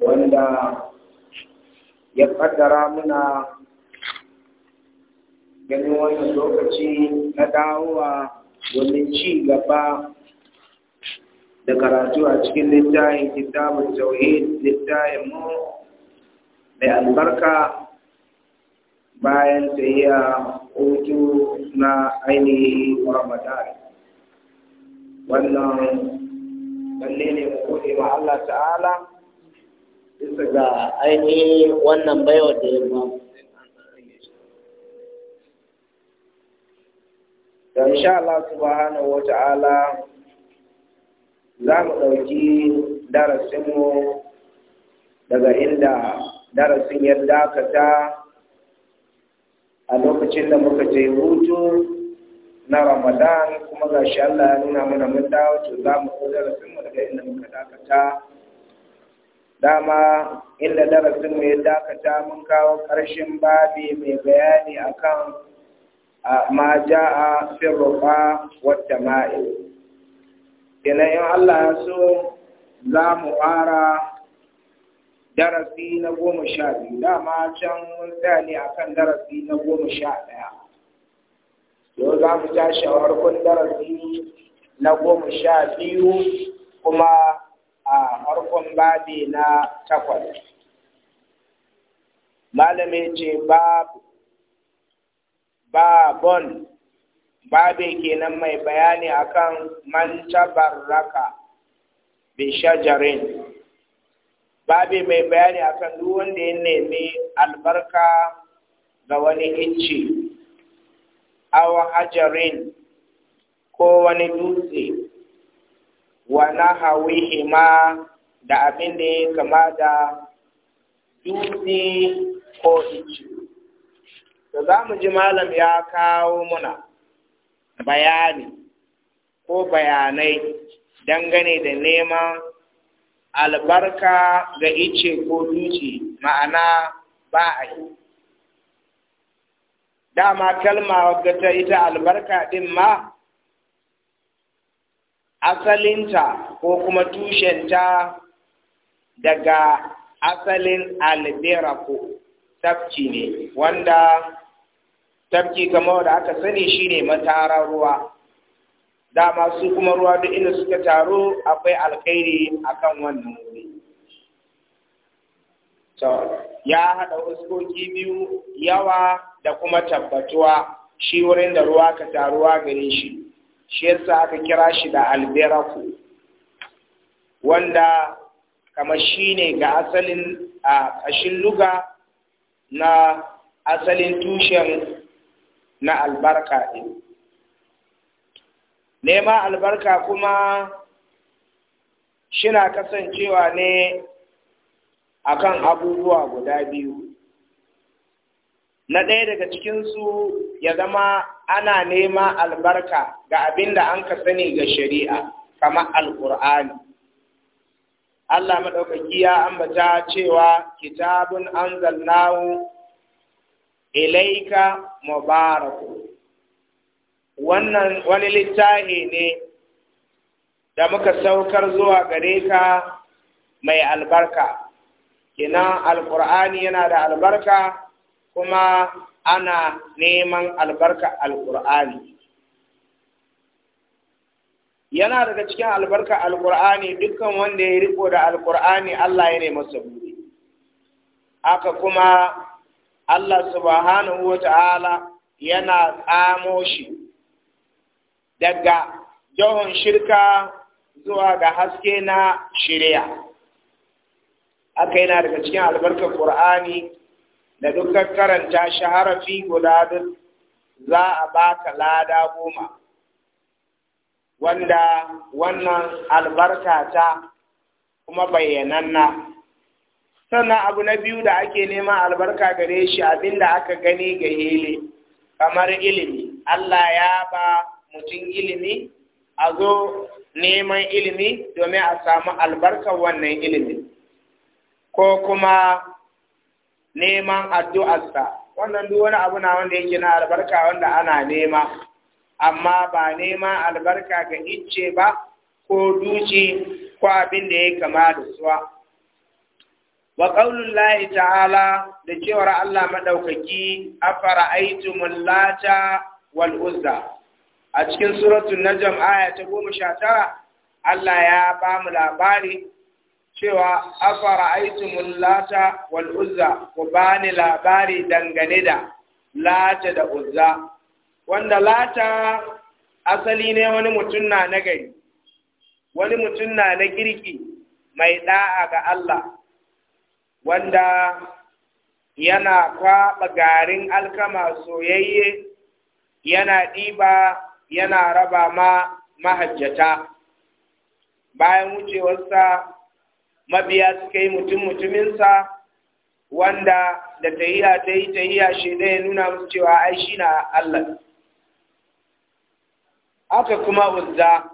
wanda ya kaddara muna ganin wannan lokaci na dawowa domin ci gaba da karatu a cikin littafin kitabun tauhid littafin mu mai albarka bayan ta a hutu na ainihi ramadan wannan balle ne mu gode ma Allah ta'ala bisa ga ainihin wannan baiwa da ya ba da insha Allah subhanahu wa za mu ɗauki darasinmu daga inda darasin ya dakata a lokacin da muka je hutu na ramadan kuma ga shi Allah ya nuna mana mun dawo to za mu ko darasinmu daga inda muka dakata dama inda darasin mai dakata mun kawo ƙarshen babi mai bayani akan ma a fi rufa wata ma'i Ina yin Allah ya so za mu ƙara darasi na goma sha biyu dama can mun tsani a akan darasi na goma sha ɗaya yau za mu tashi a farkon darasi na goma sha biyu kuma babi na takwas malami ce babu babon babe kenan mai bayani akan man raka bi shajarin mai bayani akan duk wanda ya nemi albarka ga wani icce awa hajarin ko wani dutse wa na ma da abin da ya kama da dutse ko ice. Da za mu ji malam ya kawo muna bayani ko bayanai dangane da neman albarka ga ice ko dutse ma'ana ba a yi. Dama kalma wadda ta ita albarka ɗin ma asalinta ko kuma tushenta daga asalin albiraku tafki ne wanda tafki kamar da aka sani shine matara ruwa dama su kuma ruwa duk inda suka taru akwai alkhairi akan wannan wuri to ya hada uskoki biyu yawa da kuma tabbatuwa shi wurin da ruwa ka taruwa gare shi shi yasa aka kira shi da alberaku wanda kamar shi ne ga asalin a ƙashin luga na asalin tushen na albarka ɗin nema albarka kuma shina kasancewa ne akan abubuwa guda biyu na ɗaya daga cikinsu ya zama ana nema albarka ga abin da an ka sani ga shari'a kamar alƙur'ani Allah maɗaukaki ya ambata cewa kitabun an na'u ilaika mubaraku wannan wani littafi ne da muka saukar zuwa gare ka mai albarka kina alkur'ani yana da albarka kuma ana neman albarka alkur'ani yana daga cikin albarka alkur'ani dukkan wanda ya riko da alkur'ani Allah ya ne masa buri aka kuma Allah subhanahu wata'ala ta'ala yana tsamo shi daga jahon shirka zuwa ga haske na shirya aka yana daga cikin albarka Kur'ani, da dukkan karanta shi guda duk za a baka lada goma wanda wannan albarka ta kuma bayyananna sannan abu na biyu da ake neman albarka gare shi abinda aka gani ga hele kamar ilimi Allah ya ba mutum ilimi a zo neman ilimi domin a samu albarkar wannan ilimi ko kuma neman addu'arsa wannan duk wani abu na wanda yake na albarka wanda ana nema amma ba nema albarka ga icce ba ko duci ko abin da ya kama da suwa wa qaulullahi ta'ala da cewar Allah maɗaukaki, afara lata wal uzza a cikin suratul najm aya ta sha tara, Allah ya ba mu labari cewa afara aitumul lata wal uzza ku bani labari dangane da lata da uzza wanda lata asali ne wani mutum na gari, wani mutum na na girki mai da'a ga Allah wanda yana kwaɓa garin alkama soyayye yana ɗiba yana raba ma mahajjata bayan wucewarsa mabiya suka yi mutum mutuminsa wanda da tahiya ta yi tahiya shi ɗaya nuna musu cewa ai shi na Allah aka kuma uzza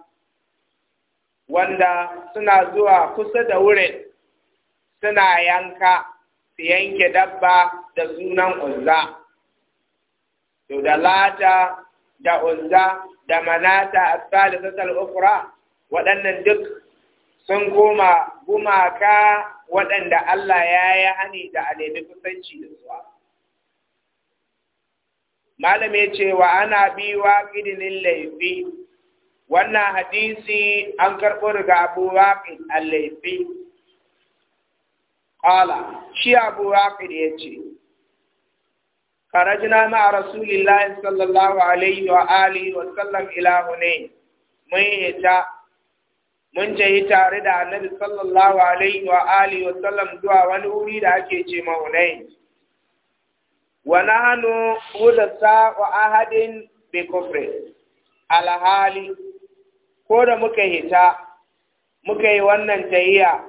wanda suna zuwa kusa da wurin suna yanka su yanke dabba da sunan uzza to da lata da uzza da manata a salisatar ukura waɗannan duk sun koma gumaka waɗanda Allah ya yi hani da a kusanci da zuwa. malam ya ce wa ana bi wa ƙidinin laifi wannan hadisi an karɓo daga abu waƙid al-laifi ƙala shi abu waƙid ya ce karajina ma a rasulillahi sallallahu alaihi wa alihi wa sallam ila hunain mun yi ta mun je yi tare da annabi sallallahu alaihi wa alihi wa sallam zuwa wani wuri da ake ce ma Wani hannu hudasa wa ahadin bi kufri alhali ko da muka hita muka yi wannan tahiya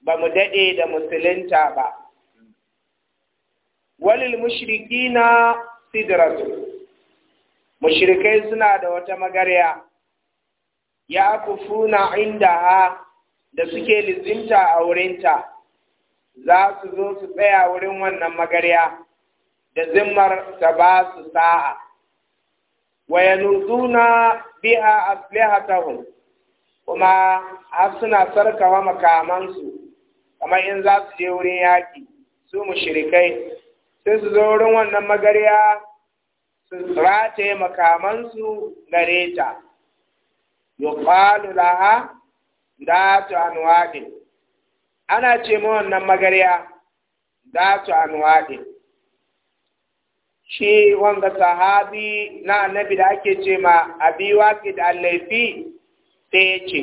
ba mu dade da musulunta ba walil mushrikina sidratu mushrikai suna da wata magarya ya kufuna inda ha da suke lizinta a wurinta za su zo su tsaya wurin wannan magarya da zimmar ta ba su sa'a wa yanzuna biha aslihatahum kuma har suna sarkawa makamansu kamar in za su je wurin yaƙi su shirikai sai su zo wurin wannan magariya su rataye makamansu gare ta yuqalu laha datu anwaqin ana ce ma wannan magariya datu anwaɗi. shi wanga sahabi na annabi da ake ce ma abi waqid da laifi sai ya ce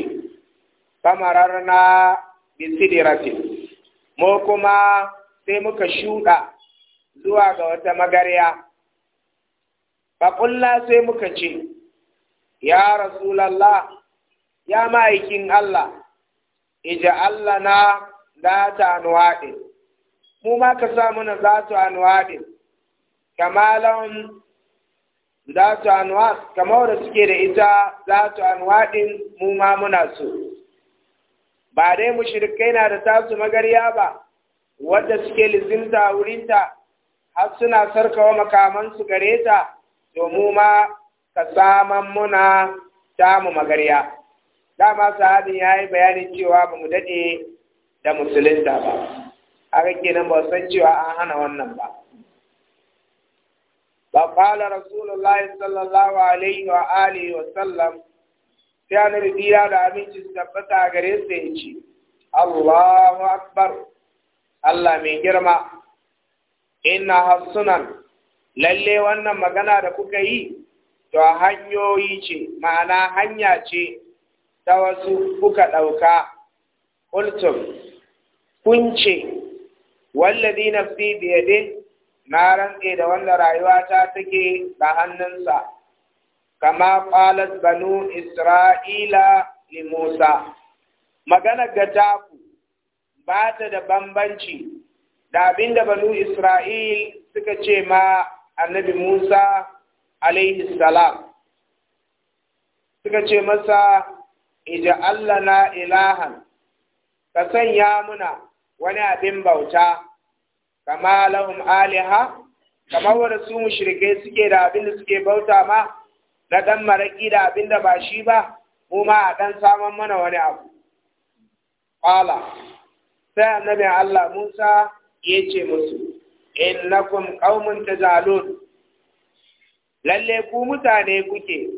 famararna bi rafi. Mo kuma sai muka shuɗa zuwa ga wata magarya faƙulla sai muka ce ya rasulallah ya ma'aikin Allah ija Allah na za ta anuwaɗe mu ma ka sa muna za ta anuwaɗe kamalan lahum su anwa kamar da suke da ita su anwa din mu ma muna su ba dai mushrikai na da tasu magariya ba wadda suke lizinta wurinta har suna sarkawa makamansu gare ta to mu ma ka saman muna tamu magariya dama sa ya yi bayanin cewa ba mu daɗe da musulunta ba haka kenan ba san cewa an hana wannan ba فقال رسول الله صلى الله عليه وآله وسلم sai annabi biya da aminci su tabbata a gare su ya ce Allahu akbar Allah mai girma inna hassunan lalle wannan magana da kuka yi to hanyoyi ce ma'ana hanya ce ta wasu kuka ɗauka kultum kun ce wallazi nafsi biyade na rantse da wanda ta take da hannunsa kama qalat banu isra'ila li Musa magana ga taku ba ta da bambanci da abinda banu Isra'il suka ce ma annabi Musa alaihi salam suka ce masa ija Allah na ilahan ka sanya muna wani abin bauta kama lahum aliha kamar wanda su mushrike suke da abin da suke bauta ma na dan maraki da abin da ba shi ba mu a dan saman mana wani abu qala sai annabi Allah Musa yace musu innakum qaumun tazalun lalle ku mutane kuke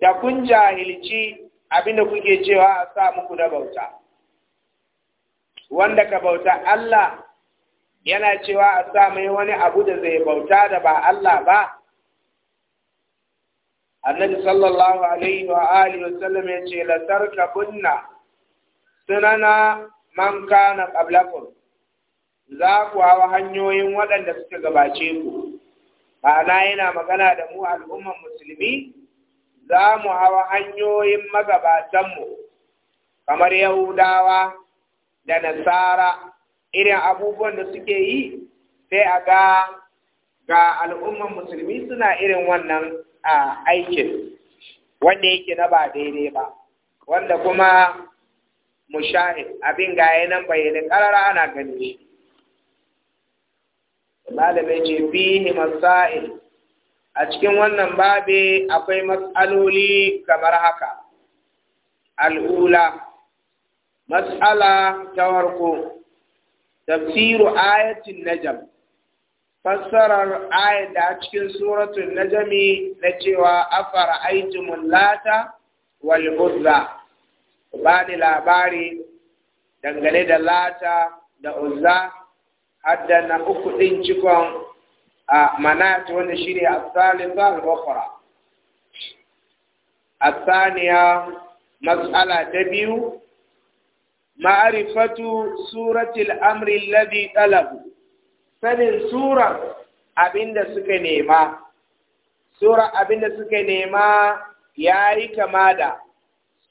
da kun jahilci abinda kuke cewa a sa muku da bauta wanda ka bauta Allah yana cewa a sa mai wani abu da zai bauta da ba Allah ba annabi sallallahu alaihi wa alihi wa sallam yace la kunna, sunana man kana qablakum za ku hawa hanyoyin waɗanda suka gabace ku ma'ana yana magana da mu al'umman musulmi za mu hawa hanyoyin mu. kamar yahudawa da nasara irin abubuwan da suke yi sai a ga ga al'umman musulmi suna irin wannan aikin wanda yake na ba daidai ba wanda kuma mushahid abin ga nan bayyana karara ana gani shi malamai ce bihi masail a cikin wannan babe akwai matsaloli kamar haka al'ula matsala ta warko tafsiru ayatin najam fassarar aya da cikin suratun najami na cewa afara aitumul lata wa uzza ba ni labari dangane da lata da uzza hadda na uku ɗin cikon a manat wanda shine a salisa al-ukhra as-thaniya ta biyu ma'arifatu suratul amri alladhi talabu sanin sura abinda suka nema sura abinda suka nema yayi kama da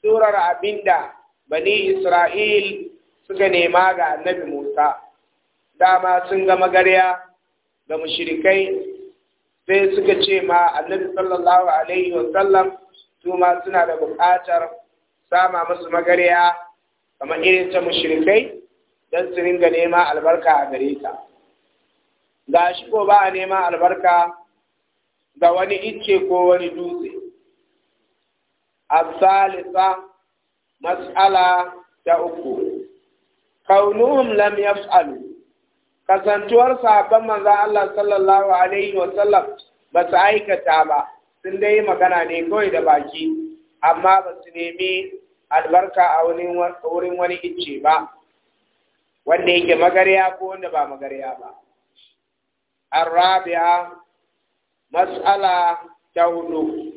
surar abinda bani Isra'il suka nema ga Annabi Musa dama sun ga magarya da mushrikai sai suka ce ma Annabi sallallahu alaihi wasallam su ma suna da buƙatar sama musu magarya kamar irin ta mushirikai don su ringa nema albarka a gare ta ga shi ko ba a nema albarka ga wani icce ko wani dutse asalisa mas'ala ta uku kaunuhum lam yaf'alu kasantuwar sahabban manzo Allah sallallahu alaihi wa sallam ba su aikata ba sun dai magana ne kawai da baki amma ba su nemi albarka a wurin wani icce ba wanda yake magariya ko wanda ba magariya ba arabiya mas'ala ta hudu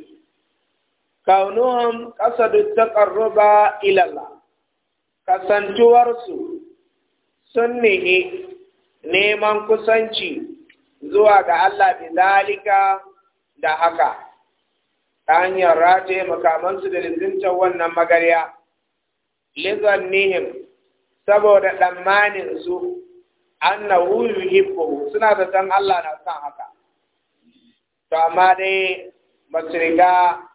kaunuhum qasadu taqarruba ila Allah kasantuwarsu sun nihi neman kusanci zuwa ga Allah bi zalika da haka ta hanyar rataye makamansu da lizintar wannan magarya lizan nihim saboda an su Wuyu Hibbo suna da san Allah na san haka to amma dai ba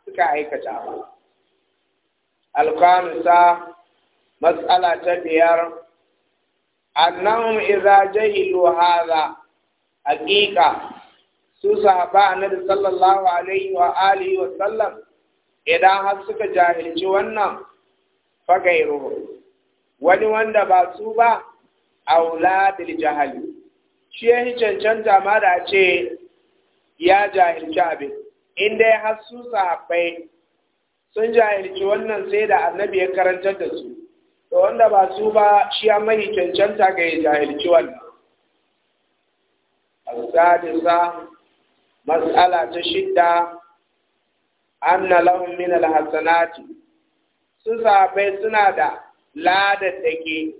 suka aikata ba Alkwamisa, matsala ta biyar annahum iza jahilu haza, hakika, su sahaba annabi sallallahu alaihi wa alihi wa sallam idan har suka jahilci wannan fagairu wani wanda ba su ba auladul jahali shi ya cancanta ma da ce ya jahilci abin inda ya su sahabbai sun jahilci wannan sai da annabi ya karantar da su to wanda ba su ba shi ya mai cancanta ga ya jahilci wannan asadisa Matsala ta shidda anna lahum min alhasanati su sahabbai suna da ladaddaki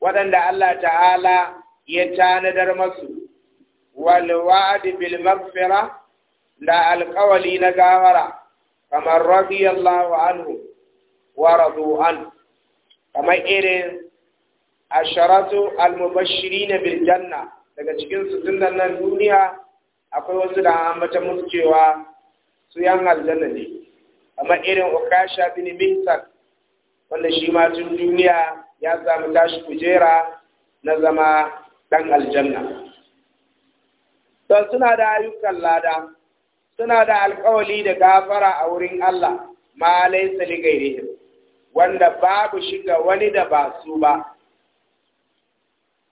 waɗanda Allah ta'ala ya tanadar masu wal wa'di bil maghfira da alƙawali na gawara kamar radiyallahu anhu wa radu kamar irin asharatu al na bil janna daga cikin su nan duniya akwai wasu da ambata musu cewa su yan aljanna ne amma irin ukasha bin mihsan wanda shi ma tun duniya ya samu tashi kujera na zama dan aljanna To suna da ayyukan lada suna da alkawali da gafara a wurin Allah ma laysa li ghairihim wanda babu shiga wani da ba su ba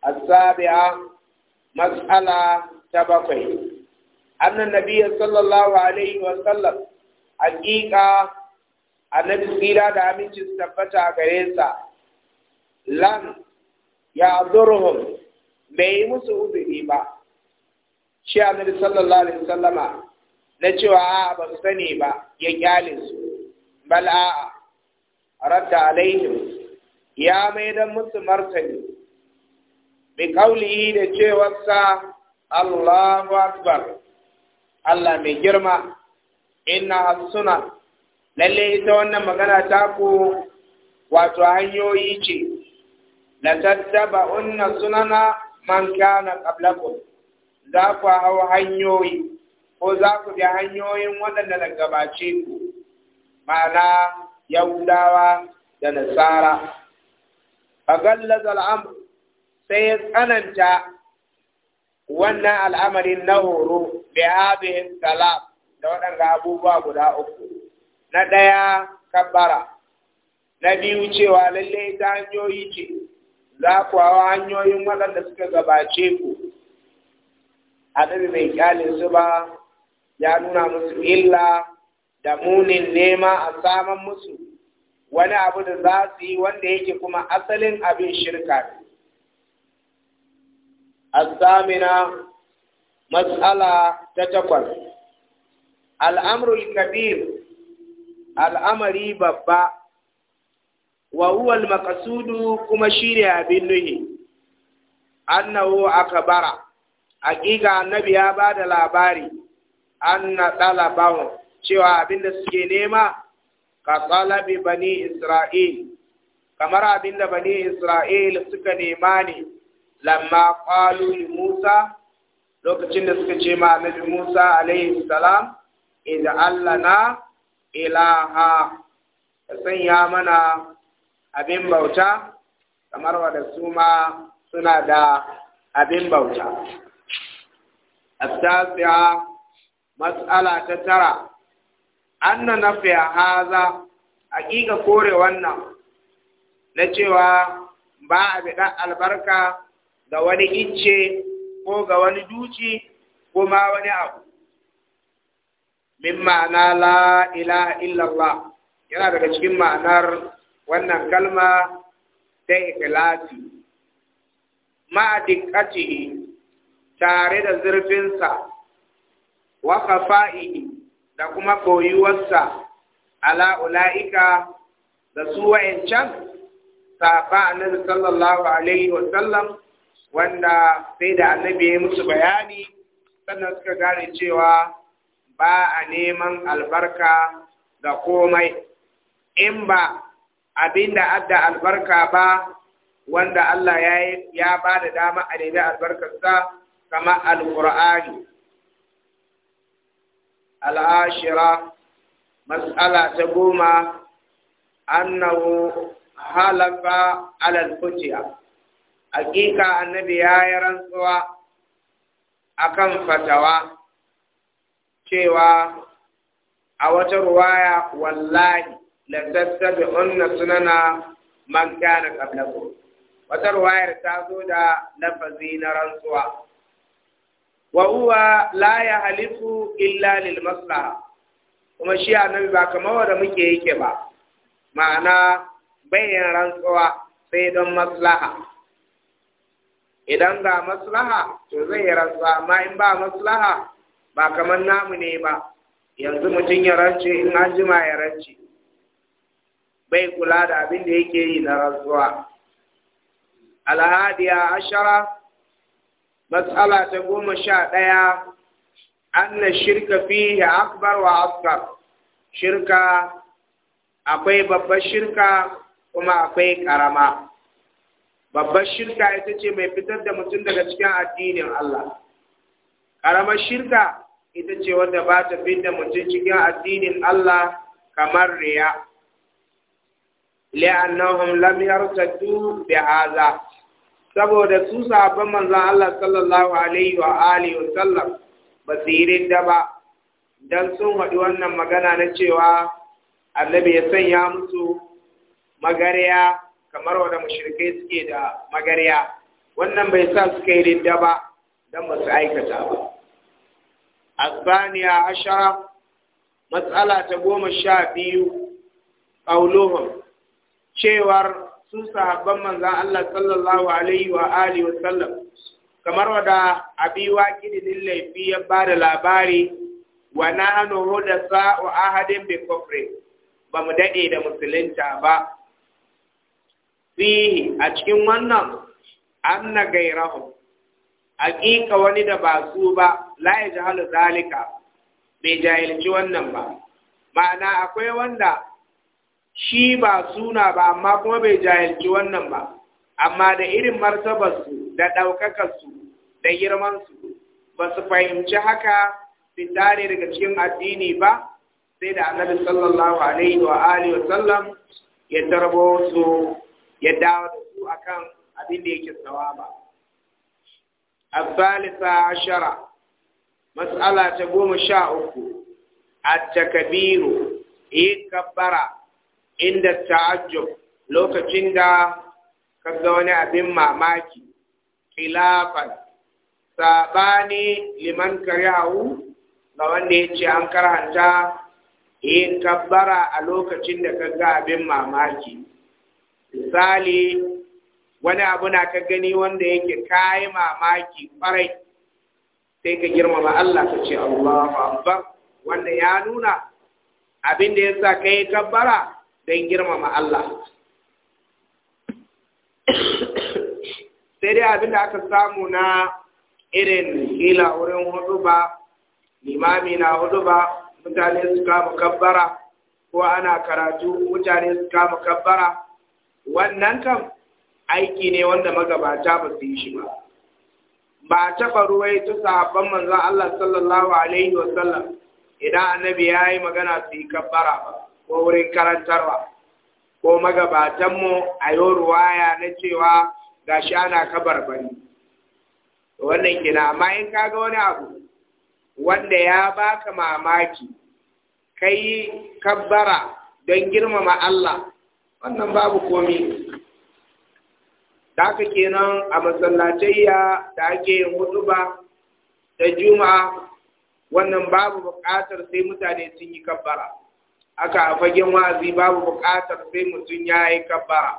asabi'a mas'ala ta bakwai annan nabiyya sallallahu alaihi wa sallam hakika annabi tsira da aminci su tabbata a gare sa lan ya azurhum bai yi musu uzuri ba shi annabi sallallahu alaihi wa sallama na cewa a ba su sani ba ya kyale su bal a radda alaihim ya maidan musu martani bi kauli da cewarsa Allahu akbar Allah mai girma inna suna, lalle ita wannan magana ta ku wato hanyoyi ce na tattaba unna sunana man kana qablakum za ku hau hanyoyi ko za ku bi hanyoyin waɗanda na gabace ku ma'ana yahudawa da nasara a sai ya tsananta wannan al'amarin na horo bi hadhihi salat da waɗanda abubuwa guda uku na ɗaya kabbara na biyu cewa lalle ta hanyoyi ce za ku hawa hanyoyin waɗanda suka gabace ku annabi bai kyalin su ba ya nuna musu illa da munin nema a saman musu wani abu da za su yi wanda yake kuma asalin abin shirka ne الثامنة مسألة تتقل الأمر الكبير الأمر بابا وهو المقصود كما شيري بالنهي أنه أكبر حقيقة النبي بعد الأباري أن طلبه cewa abin da suke nema إسرائيل talabi bani Isra'il, kamar abin da lamma qalu Musa lokacin da suka ce ma Nabi Musa alaihi salam Allah na ilaha sanya mana abin bauta kamar wa da su ma suna da abin bauta التاسعة مسألة تترى أن نفي هذا حقيقة كوري وانا نجوى بعد albarka. ga wani icce ko ga wani duci ko ma wani abu min ma'ana la ilaha illallah yana daga cikin ma'anar wannan kalma ta ikhlasi ma'adikatihi tare da zurfinsa wa kafa'i da kuma koyuwarsa ala ula'ika da su wa'incan safa annabi sallallahu alaihi wa sallam wanda sai da annabi ya musu bayani sannan suka gane cewa ba a neman albarka ga komai in ba abin da adda albarka ba wanda Allah ya ya ba da dama a nemi albarkarsa kama alƙur'ani al'ashira Mas'ala ta goma annahu halafa alal futiya hakika annabi ya yi rantsuwa akan fatawa cewa a wata ruwaya wallahi la tattabi'unna sunana man kana qablakum wata ruwayar ta zo da lafazi na rantsuwa wa huwa la halifu illa lil maslaha kuma shi annabi ba kamar wanda muke yake ba ma'ana bayan rantsuwa sai don maslaha idan ga maslaha to zai yi rantsuwa amma in ba maslaha ba kamar namu ne ba yanzu mutum ya rance in an jima ya rance bai kula da abin da yake yi na rantsuwa alhadiya ashara matsala ta goma sha ɗaya anna shirka ya akbar wa askar shirka akwai babbar shirka kuma akwai ƙarama. babbar shirka ita ce mai fitar da mutum daga cikin addinin Allah ƙaramar shirka ita ce wadda ba ta da mutum cikin addinin Allah kamar riya li'annahum lam yartaddu bi hadha saboda su sahabban manzon Allah sallallahu alaihi wa alihi wa sallam basirin da ba dan sun haɗi wannan magana na cewa annabi ya sanya musu magariya kamar wanda mushrikai suke da magarya wannan bai sa suka yi da ba dan ba su aikata ba asbaniya ashara matsala ta goma sha biyu qauluhum cewar su sahabban manzon Allah sallallahu alaihi wa alihi wa sallam kamar wada abi laifi ya ba da labari wa nahnu hudasa wa ahadin bi kufri ba mu daɗe da musulunta ba fihi a cikin wannan anna gairahu wani da ba su ba la yajhalu zalika bai jahilci wannan ba ma'ana akwai wanda shi ba suna ba amma kuma bai jahilci wannan ba amma da irin martabarsu da ɗaukakarsu da girmansu ba su fahimci haka fitare daga cikin addini ba sai da annabi sallallahu alaihi wa alihi wa sallam ya tarbo su ya dawo da su akan abin da yake sawaba asalisa ashara matsala ta goma sha uku a takabiru, yi kabbara inda ta'ajjub lokacin da kaga wani abin mamaki khilafan sabani liman karihu ga wanda ya ce an karanta yin kabbara a lokacin da ga abin mamaki misali wani abu na ka gani wanda yake kayi mamaki kwarai sai ka girmama Allah ka ce Allahu Akbar wanda ya nuna abin da yasa kai kabbara don girmama Allah sai dai abin da aka samu na irin kila wurin hudu ba limami na hudu ba mutane su kama kabbara ko ana karatu mutane su kama kabbara wannan kam aiki ne wanda magabata ba su yi shi ba ba taɓa ruwai ta sahabban manzon Allah sallallahu alaihi wasallam idan annabi ya yi magana su yi kabbara ba ko wurin karantarwa ko magabatanmu a yau ruwaya na cewa gashi ana kabar bari wannan kina amma in kaga wani abu wanda ya baka mamaki kai kabbara don girmama Allah wannan babu komi da haka kenan a masallatayya da ake yin ba. da juma'a wannan babu buƙatar sai mutane sun yi kabbara aka a fagen wazi babu buƙatar sai mutum ya yi kabbara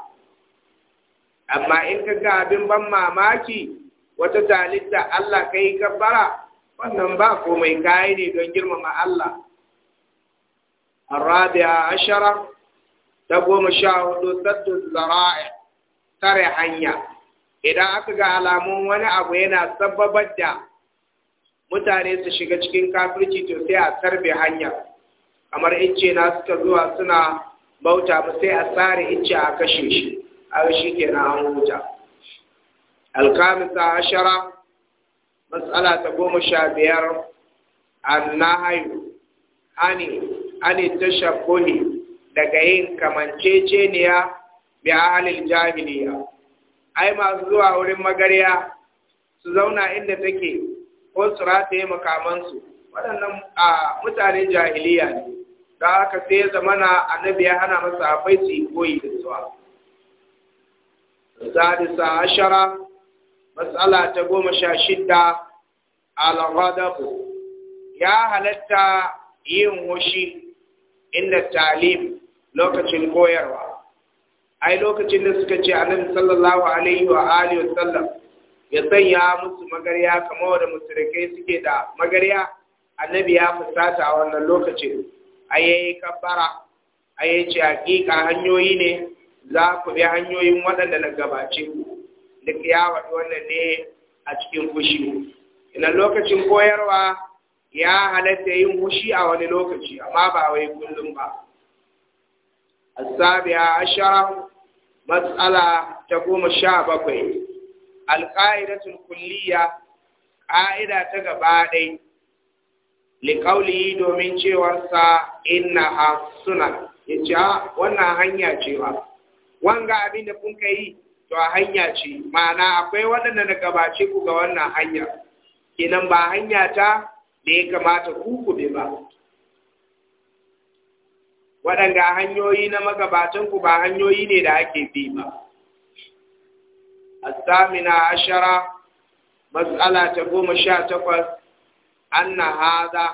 amma in ka ga abin ban mamaki wata talitta Allah ka yi kabbara wannan ba komai kayi ne don girmama Allah الرابعة عشرة ta goma sha hudu sattu zara'a tare hanya idan aka ga alamun wani abu yana sababar da mutane su shiga cikin kafirci to sai a tarbe hanya kamar ince na suka zuwa suna bauta ba sai a tsare ince a kashe shi a shi kenan an huta alkamisa ashara matsala ta goma sha biyar annahayu ani ani tashabbuhi daga yin kamanceceniya bi ahalil jahiliya ai masu zuwa wurin magarya su zauna inda take ko su rataye makamansu waɗannan a mutane jahiliya ne da aka sai zamana annabi ya hana masa afai su koyi da zuwa sadisa ashara matsala ta goma sha shida al-ghadabu ya halatta yin hushi inda talib lokacin koyarwa ai lokacin da suka ce annabi sallallahu alaihi wa alihi wasallam ya sanya musu magarya kamar wanda musulmai suke da magarya annabi ya fusata a wannan lokacin ayi kabbara ayi ce hakika hanyoyi ne za ku bi hanyoyin waɗanda na gabace ku duk ya wannan ne a cikin fushi ina lokacin koyarwa ya halatta yin fushi a wani lokaci amma ba wai kullum ba matsala ta goma sha bakwai. الشابقين القاعدة ƙa'ida ta تقبادي لقوله دومين شيوانسا إنها suna yace wannan hanya ce wanga abin da kun kai to hanya ce ma'ana akwai waɗanda na gabace ku ga wannan hanya kenan ba hanya ta da ya kamata ku ku ba waɗanda hanyoyi na magabatanku ba hanyoyi ne da ake bi ba. Asamina ashara, matsala ta goma sha takwas, an na haza,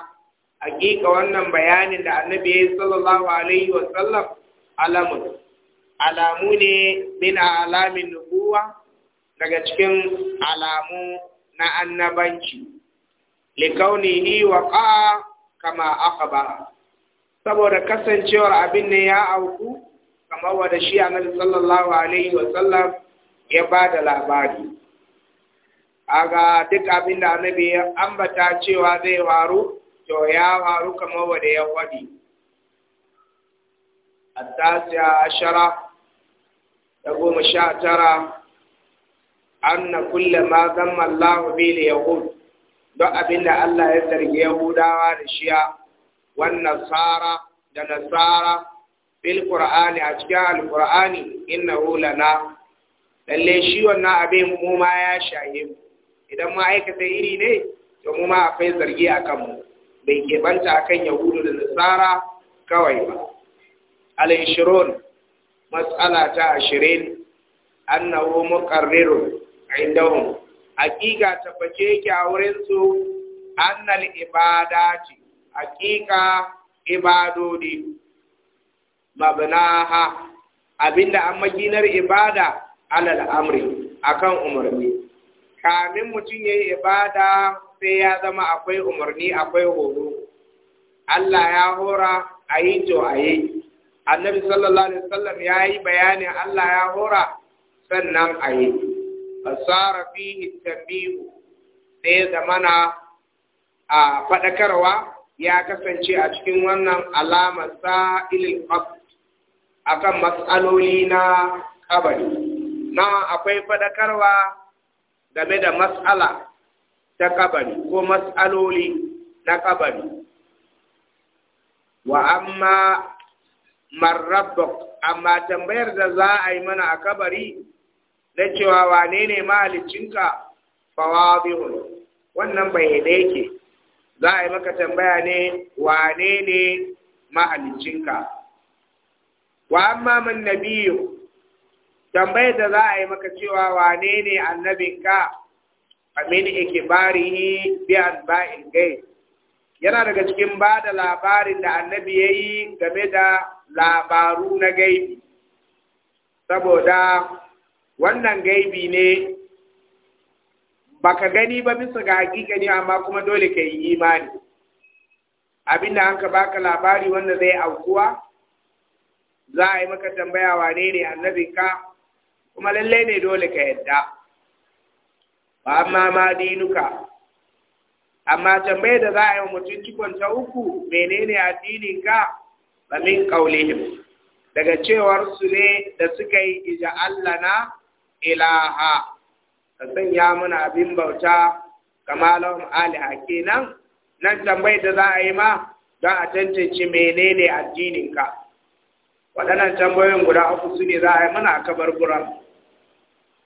hakika wannan bayanin da annabi ya yi sallallahu alaihi wasallam alamun. Alamu ne min alamin nubuwa daga cikin alamu na annabanci, ni wa ƙa kama aka ba. saboda kasancewar abin ne ya auku kamar wadda shi a sallallahu alaihi wasallam ya ba da labari a ga duk abin da annabi ya ambata cewa zai waru to ya waru kamar wadda ya wadi attasiya ashara da goma sha tara an kulle ma zama allahu bi yahud don abin da allah ya zargi yahudawa da shiya wan nasara da nasara bil qur'ani a cikin alqur'ani innahu lana lalle shi wannan abin mu ma ya shaye mu idan ma aikata iri ne to mu ma akwai zargi akan mu bai banta akan yahudu da nasara kawai ba al-ishrun mas'ala ta 20 annahu muqarrirun indahum hakika tabbace yake a wurin su annal ibadati haƙiƙa ibadodi mabnaha abinda an maginar ibada alal amri akan umarni kamin mutum yayi ibada sai ya zama akwai umarni akwai horo Allah ya hora a to a annabi sallallahu alaihi wasallam ya yi bayanin Allah ya hora sannan a yi fasara fihi tambihu sai zamana a faɗakarwa ya kasance a cikin wannan alamar sa'ilin qabr akan mas'aloli na kabari na akwai fadakarwa game da mas'ala ta kabari ko mas'aloli na kabari wa amma marrabbak amma tambayar da za a yi mana a kabari na cewa wane ne mahalicinka fawabihun wannan bai da yake za a yi maka tambaya ne wane ne mahaliccinka wa amma man nabiyu tambayar da za a yi maka cewa wane ne annabinka amin ikibarihi bi anba'il gai. yana daga cikin ba da labarin da annabi ya yi game da labaru na gaibi saboda wannan gaibi ne Ba ka gani ba bisa ga hakika ne amma kuma dole ka yi imani abinda an ka baka labari wanda zai aukuwa za a yi maka tambaya wane ne ka kuma lalle ne dole ka yadda ba amma ma dinuka amma tambayar da za a yi wa mutum cikon ta uku menene addininka ba min kaulihim daga cewar su ne da suka yi ija Allah ilaha ka sanya mana abin bauta kama aliha kenan nan tambayar da za a yi ma don a tantance menene addininka waɗannan tambayoyin guda uku su ne za a yi mana a kabar guran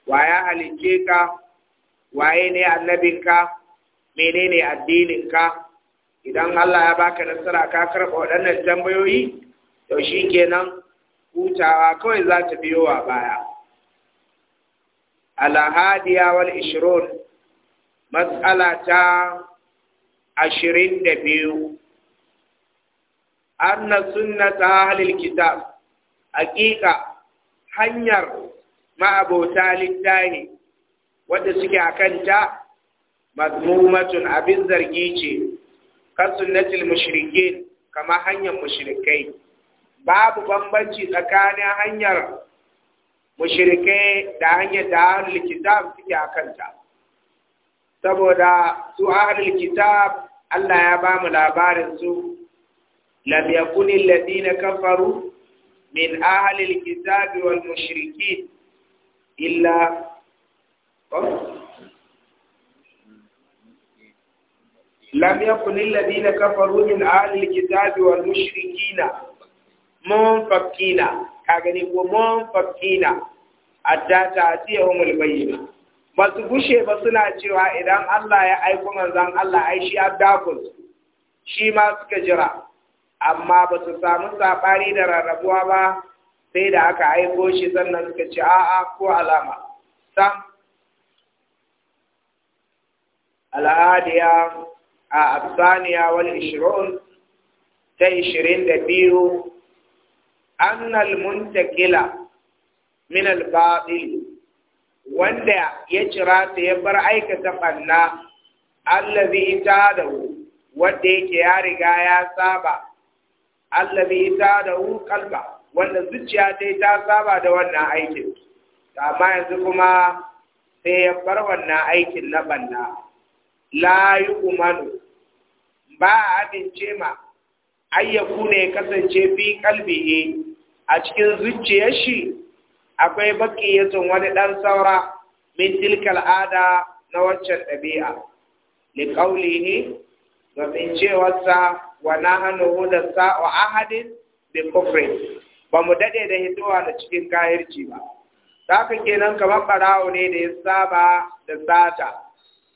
waya halicce ka waye ne annabinka menene addininka idan Allah ya baka nasara ka karɓa waɗannan tambayoyi to shi kenan hutawa kawai za ta biyo wa baya ya wal ishirun matsala ta ashirin da biyu anna sunnata ahlil kitab haƙiƙa hanyar ma'abota littafi wadda suke a ta mazmumatun abin zargi ce kan sunnatul mushrikin kama hanyar mushrikai babu bambanci tsakanin hanyar mushirike da hanyar da ahlul kitab suke a kanta saboda su ahlul kitab Allah ya ba mu labarin su lam yakuni alladhina kafaru min ahlil kitab wal mushrikin illa لم يكن الذين كفروا من أهل الكتاب والمشركين munfakkina ka gani ko munfakkina hatta ta'tiyahumul bayyina ba su gushe ba suna cewa idan Allah ya aiko manzon Allah ai shi shi ma suka jira amma ba su samu sabani da rarrabuwa ba sai da aka aiko shi sannan suka ce a'a ko alama sam al'adiya a afsaniya wal ishrun ta ishirin da biyu annal muntakila min al wanda ya cira ta ya bar aikata banna allazi itadahu wanda yake ya riga ya saba allazi itadahu kalba, wanda zuciya ta ta saba da wannan aikin amma yanzu kuma sai ya bar wannan aikin na banna la yu'manu ba a amince ma ayyaku ne kasance bi kalbihi a cikin zuciyar shi akwai baki baqiyatun wani ɗan saura min tilkal ada na waccan ɗabi'a li qawlihi domin cewarsa wa nahanu huda sa'u ahadin bi kufri ba mu dade da hidowa da cikin kayirci ba haka kenan kamar barawo ne da ya saba da sata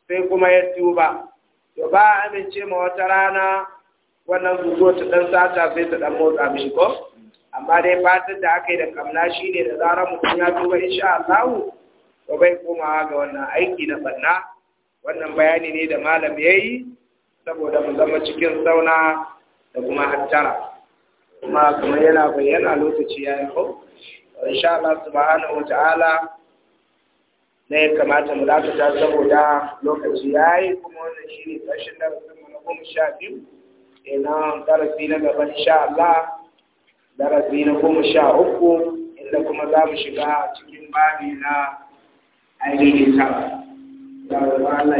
sai kuma ya tuba to ba amince ma wata rana wannan gugo ta dan sata sai ta dan motsa mishi ko amma dai fatan da aka yi da kamna shi ne da zarar mutum ya tuba insha Allah ko bai komawa ga wannan aiki na banna wannan bayani ne da malam yayi saboda mu zama cikin sauna da kuma hattara kuma kuma yana bayyana lokaci ya yi ko insha Allah subhanahu wataala ne kamata mu dakata saboda lokaci ya yi kuma wannan shi ne ƙarshen darasin mu na goma sha biyu ina karfi na gaba insha Allah darasi na goma sha uku inda kuma za mu shiga cikin babi na ainihin tara.